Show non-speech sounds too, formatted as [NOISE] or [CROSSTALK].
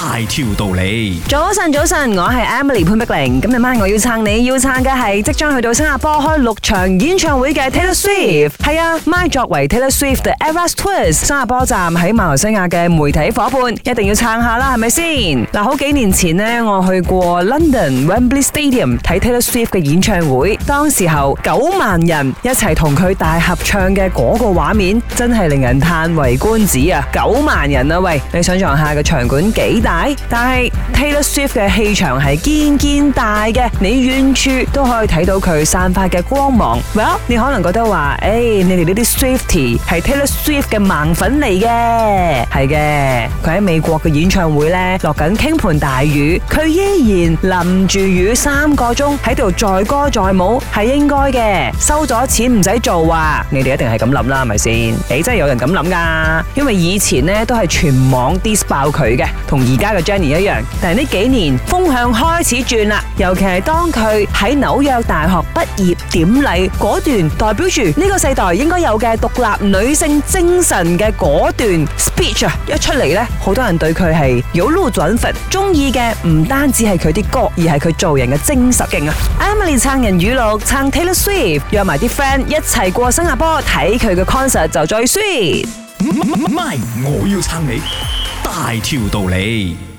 大條道理，早晨早晨，我係 Emily 潘碧玲。今日晚我要撐你，要撐嘅係即將去到新加坡開六場演唱會嘅 Taylor Swift。係啊，MY 作為 Taylor Swift 的 Eras Tour 新加坡站喺馬來西亞嘅媒體夥伴，一定要撐下啦，係咪先？嗱，好幾年前呢，我去過 London Wembley Stadium 睇 Taylor Swift 嘅演唱會，當時候九萬人一齊同佢大合唱嘅嗰個畫面，真係令人嘆為觀止啊！九萬人啊，喂，你想象下個場館幾大？但係 Taylor Swift 嘅氣場係堅堅大嘅，你遠處都可以睇到佢散發嘅光芒。Well，你可能覺得話，誒、欸，你哋呢啲 Swiftie 係 Taylor Swift 嘅盲粉嚟嘅，係嘅。佢喺美國嘅演唱會呢，落緊傾盆大雨，佢依然淋住雨三個鐘喺度載歌載舞，係應該嘅，收咗錢唔使做話、啊，你哋一定係咁諗啦，係咪先？你、欸、真係有人咁諗噶，因為以前呢都係全網 dis 爆佢嘅，同而家嘅 Jenny 一樣，但係呢幾年風向開始轉啦，尤其係當佢喺紐約大學畢業典禮嗰段，代表住呢個世代應該有嘅獨立女性精神嘅嗰段 speech [LAUGHS] 一出嚟呢，好多人對佢係有路轉粉，中意嘅唔單止係佢啲歌，而係佢做人嘅精神勁啊！Emily 撐人語錄撐 Taylor Swift，約埋啲 friend 一齊過新加坡睇佢嘅 concert 就再 sweet。唔咪，我要撐你！大條道理。